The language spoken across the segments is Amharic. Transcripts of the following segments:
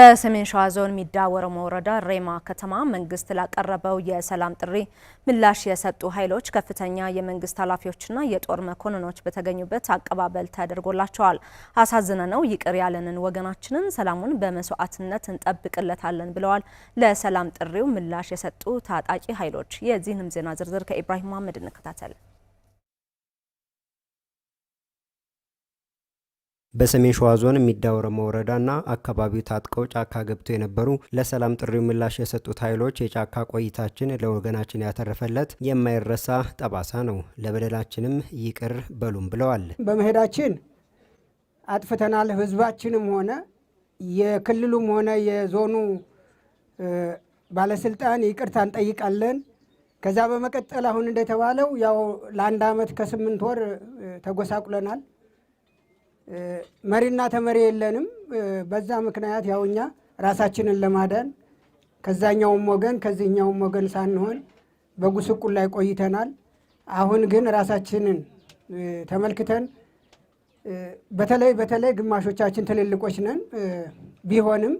በሰሜን ሸዋ ዞን ሚዳ ወረሞ ወረዳ ሬማ ከተማ መንግስት ላቀረበው የሰላም ጥሪ ምላሽ የሰጡ ኃይሎች ከፍተኛ የመንግስት ኃላፊዎችና የጦር መኮንኖች በተገኙበት አቀባበል ተደርጎላቸዋል። አሳዝነ ነው ይቅር ያለንን ወገናችንን ሰላሙን በመስዋዕትነት እንጠብቅለታለን ብለዋል። ለሰላም ጥሪው ምላሽ የሰጡ ታጣቂ ኃይሎች። የዚህንም ዜና ዝርዝር ከኢብራሂም መሀመድ እንከታተል። በሰሜን ሸዋ ዞን ሚዳ መውረዳ ወረዳና አካባቢው ታጥቀው ጫካ ገብተው የነበሩ ለሰላም ጥሪው ምላሽ የሰጡት ኃይሎች የጫካ ቆይታችን ለወገናችን ያተረፈለት የማይረሳ ጠባሳ ነው፣ ለበደላችንም ይቅር በሉም ብለዋል። በመሄዳችን አጥፍተናል። ህዝባችንም ሆነ የክልሉም ሆነ የዞኑ ባለስልጣን ይቅርታ እንጠይቃለን። ከዛ በመቀጠል አሁን እንደተባለው ያው ለአንድ አመት ከስምንት ወር ተጎሳቁለናል። መሪና ተመሪ የለንም። በዛ ምክንያት ያው እኛ ራሳችንን ለማዳን ከዛኛውም ወገን ከዚህኛውም ወገን ሳንሆን በጉስቁል ላይ ቆይተናል። አሁን ግን ራሳችንን ተመልክተን በተለይ በተለይ ግማሾቻችን ትልልቆች ነን። ቢሆንም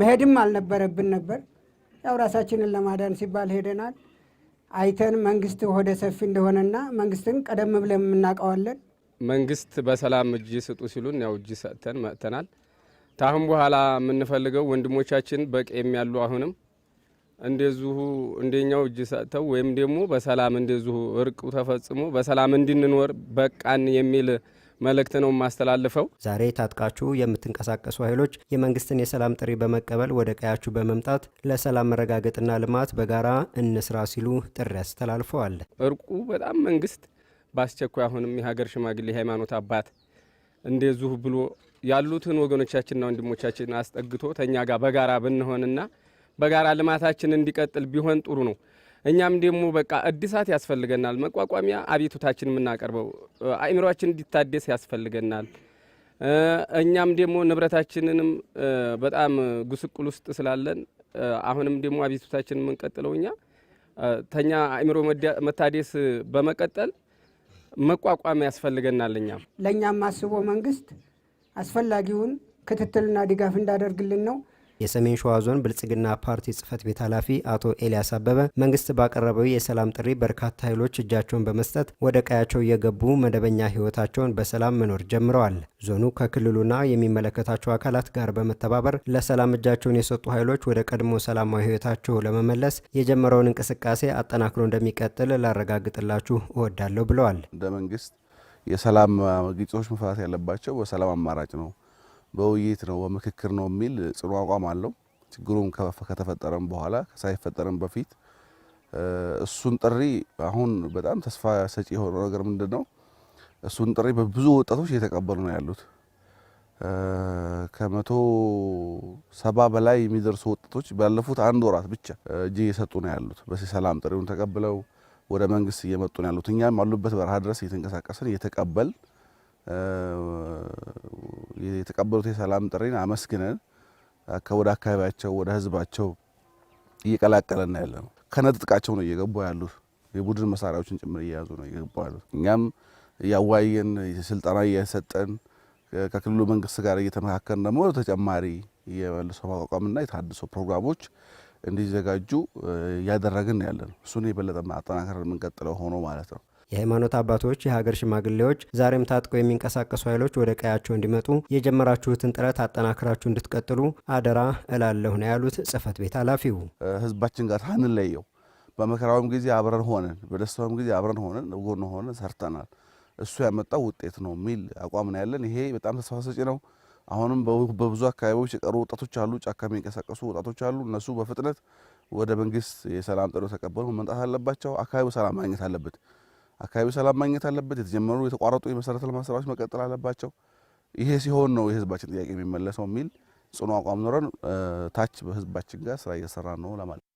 መሄድም አልነበረብን ነበር። ያው ራሳችንን ለማዳን ሲባል ሄደናል። አይተን መንግስት ወደ ሰፊ እንደሆነና መንግስትን ቀደም ብለን የምናውቀዋለን መንግስት በሰላም እጅ ስጡ ሲሉን ያው እጅ ሰጥተን መጥተናል። ታሁን በኋላ የምንፈልገው ወንድሞቻችን በቄም ያሉ አሁንም እንደዚሁ እንደኛው እጅ ሰጥተው ወይም ደግሞ በሰላም እንደዚሁ እርቁ ተፈጽሞ በሰላም እንድንኖር በቃን የሚል መልእክት ነው የማስተላልፈው። ዛሬ ታጥቃችሁ የምትንቀሳቀሱ ኃይሎች የመንግስትን የሰላም ጥሪ በመቀበል ወደ ቀያችሁ በመምጣት ለሰላም መረጋገጥና ልማት በጋራ እንስራ ሲሉ ጥሪ አስተላልፈዋል። እርቁ በጣም መንግስት በአስቸኳይ አሁንም የሀገር ሽማግሌ ሃይማኖት አባት እንደዚሁ ብሎ ያሉትን ወገኖቻችንና ወንድሞቻችን አስጠግቶ ተኛ ጋር በጋራ ብንሆንና በጋራ ልማታችን እንዲቀጥል ቢሆን ጥሩ ነው። እኛም ደግሞ በቃ እድሳት ያስፈልገናል። መቋቋሚያ አቤቱታችን የምናቀርበው አእምሯችን እንዲታደስ ያስፈልገናል። እኛም ደግሞ ንብረታችንንም በጣም ጉስቁል ውስጥ ስላለን አሁንም ደግሞ አቤቱታችን የምንቀጥለው እኛ ተኛ አእምሮ መታደስ በመቀጠል መቋቋም ያስፈልገናል። እኛም ለእኛም አስቦ መንግስት አስፈላጊውን ክትትልና ድጋፍ እንዳደርግልን ነው የሰሜን ሸዋ ዞን ብልጽግና ፓርቲ ጽህፈት ቤት ኃላፊ አቶ ኤልያስ አበበ መንግስት ባቀረበው የሰላም ጥሪ በርካታ ኃይሎች እጃቸውን በመስጠት ወደ ቀያቸው እየገቡ መደበኛ ህይወታቸውን በሰላም መኖር ጀምረዋል። ዞኑ ከክልሉና የሚመለከታቸው አካላት ጋር በመተባበር ለሰላም እጃቸውን የሰጡ ኃይሎች ወደ ቀድሞ ሰላማዊ ህይወታቸው ለመመለስ የጀመረውን እንቅስቃሴ አጠናክሮ እንደሚቀጥል ላረጋግጥላችሁ እወዳለሁ ብለዋል። እንደ መንግስት የሰላም ግጭቶች መፈታት ያለባቸው በሰላም አማራጭ ነው በውይይት ነው በምክክር ነው የሚል ጽኑ አቋም አለው። ችግሩም ከተፈጠረም በኋላ ሳይፈጠረም በፊት እሱን ጥሪ አሁን በጣም ተስፋ ሰጪ የሆነው ነገር ምንድን ነው? እሱን ጥሪ በብዙ ወጣቶች እየተቀበሉ ነው ያሉት። ከመቶ ሰባ በላይ የሚደርሱ ወጣቶች ባለፉት አንድ ወራት ብቻ እጅ እየሰጡ ነው ያሉት። በዚህ ሰላም ጥሪውን ተቀብለው ወደ መንግስት እየመጡ ነው ያሉት። እኛም አሉበት በረሃ ድረስ እየተንቀሳቀስን እየተቀበል የተቀበሉት የሰላም ጥሪን አመስግነን ወደ አካባቢያቸው ወደ ህዝባቸው እየቀላቀለና ያለ ነው። ከነጥጥቃቸው ነው እየገቡ ያሉት። የቡድን መሳሪያዎችን ጭምር እየያዙ ነው እየገቡ ያሉት። እኛም እያዋየን ስልጠና እየሰጠን ከክልሉ መንግስት ጋር እየተመካከርን ደግሞ ተጨማሪ የመልሶ ማቋቋምና የታድሶ ፕሮግራሞች እንዲዘጋጁ እያደረግን ያለ ነው። እሱን የበለጠ ማጠናከር የምንቀጥለው ሆኖ ማለት ነው። የሃይማኖት አባቶች፣ የሀገር ሽማግሌዎች፣ ዛሬም ታጥቀው የሚንቀሳቀሱ ኃይሎች ወደ ቀያቸው እንዲመጡ የጀመራችሁትን ጥረት አጠናክራችሁ እንድትቀጥሉ አደራ እላለሁ ነው ያሉት ጽህፈት ቤት ኃላፊው። ህዝባችን ጋር ሳንለየው በመከራውም ጊዜ አብረን ሆነን በደስታውም ጊዜ አብረን ሆነን ጎን ሆነን ሰርተናል። እሱ ያመጣው ውጤት ነው የሚል አቋም ነው ያለን። ይሄ በጣም ተስፋ ሰጪ ነው። አሁንም በብዙ አካባቢዎች የቀሩ ወጣቶች አሉ፣ ጫካ የሚንቀሳቀሱ ወጣቶች አሉ። እነሱ በፍጥነት ወደ መንግስት የሰላም ጥሪ ተቀበሉ መምጣት አለባቸው። አካባቢው ሰላም ማግኘት አለበት። አካባቢው ሰላም ማግኘት አለበት። የተጀመሩ የተቋረጡ የመሰረተ ልማት ስራዎች መቀጠል አለባቸው። ይሄ ሲሆን ነው የህዝባችን ጥያቄ የሚመለሰው የሚል ጽኑ አቋም ኖረን ታች በህዝባችን ጋር ስራ እየሰራ ነው ለማለት